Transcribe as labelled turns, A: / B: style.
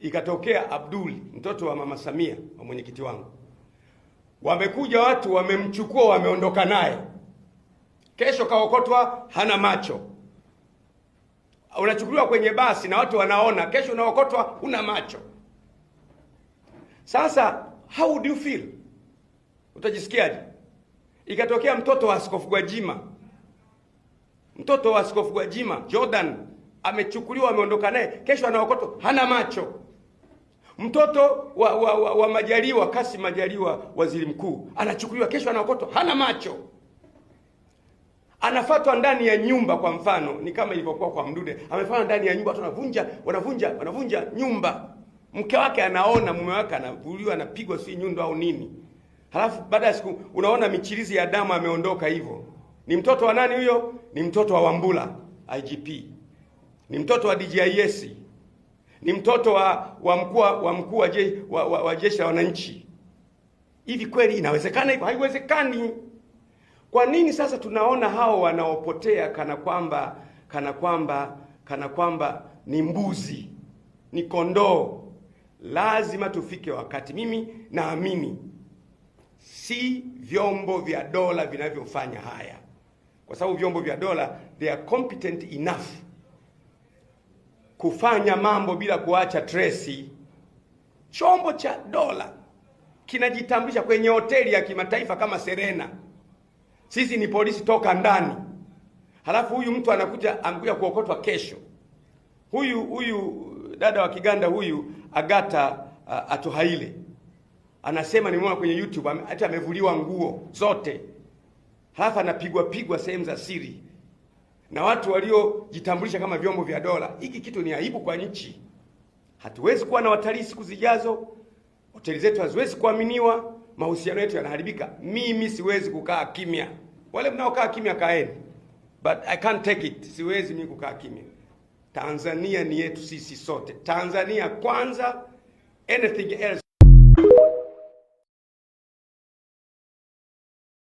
A: Ikatokea abdul mtoto wa mama Samia wa mwenyekiti wangu, wamekuja watu wamemchukua, wameondoka naye. Kesho kaokotwa hana macho. Unachukuliwa kwenye basi na watu wanaona, kesho unaokotwa huna macho. Sasa how do you feel? Utajisikiaje? Ikatokea mtoto wa Askofu Gwajima, mtoto wa Askofu Gwajima Jordan amechukuliwa, ameondoka naye, kesho anaokotwa hana macho. Mtoto wa, wa, wa, wa Majaliwa, kasi Majaliwa, waziri mkuu, anachukuliwa kesho, anaokotwa, hana macho, anafatwa ndani ya nyumba. Kwa mfano ni kama ilivyokuwa kwa Mdude, amefanywa ndani ya nyumba, watu wanavunja wanavunja wanavunja nyumba, mke wake anaona, mume wake anavuliwa, anapigwa si nyundo au nini, halafu baada ya siku unaona michirizi ya damu, ameondoka hivyo. Ni mtoto wa nani huyo? Ni mtoto wa Wambula IGP, ni mtoto wa DJIS ni mtoto wa wa mkuu wa mkuu wa, wa, wa, wa jeshi la wananchi. Hivi kweli inawezekana hivyo? Haiwezekani. Kwa nini sasa tunaona hao wanaopotea kana kwamba kana kwamba kana kwamba ni mbuzi ni kondoo? Lazima tufike wakati, mimi naamini si vyombo vya dola vinavyofanya haya, kwa sababu vyombo vya dola they are competent enough kufanya mambo bila kuacha tresi. Chombo cha dola kinajitambulisha kwenye hoteli ya kimataifa kama Serena, sisi ni polisi toka ndani. Halafu huyu mtu anakuja anakuja kuokotwa kesho. Huyu huyu dada wa Kiganda huyu Agata uh, Atuhaile anasema, nimeona kwenye YouTube hata amevuliwa nguo zote, halafu anapigwa pigwa sehemu za siri na watu waliojitambulisha kama vyombo vya dola. Hiki kitu ni aibu kwa nchi. Hatuwezi kuwa na watalii siku zijazo, hoteli zetu haziwezi kuaminiwa, mahusiano yetu yanaharibika. Mimi siwezi kukaa kimya. Wale mnaokaa kimya kaeni, but I can't take it. Siwezi mimi kukaa kimya. Tanzania ni yetu sisi sote. Tanzania kwanza, anything else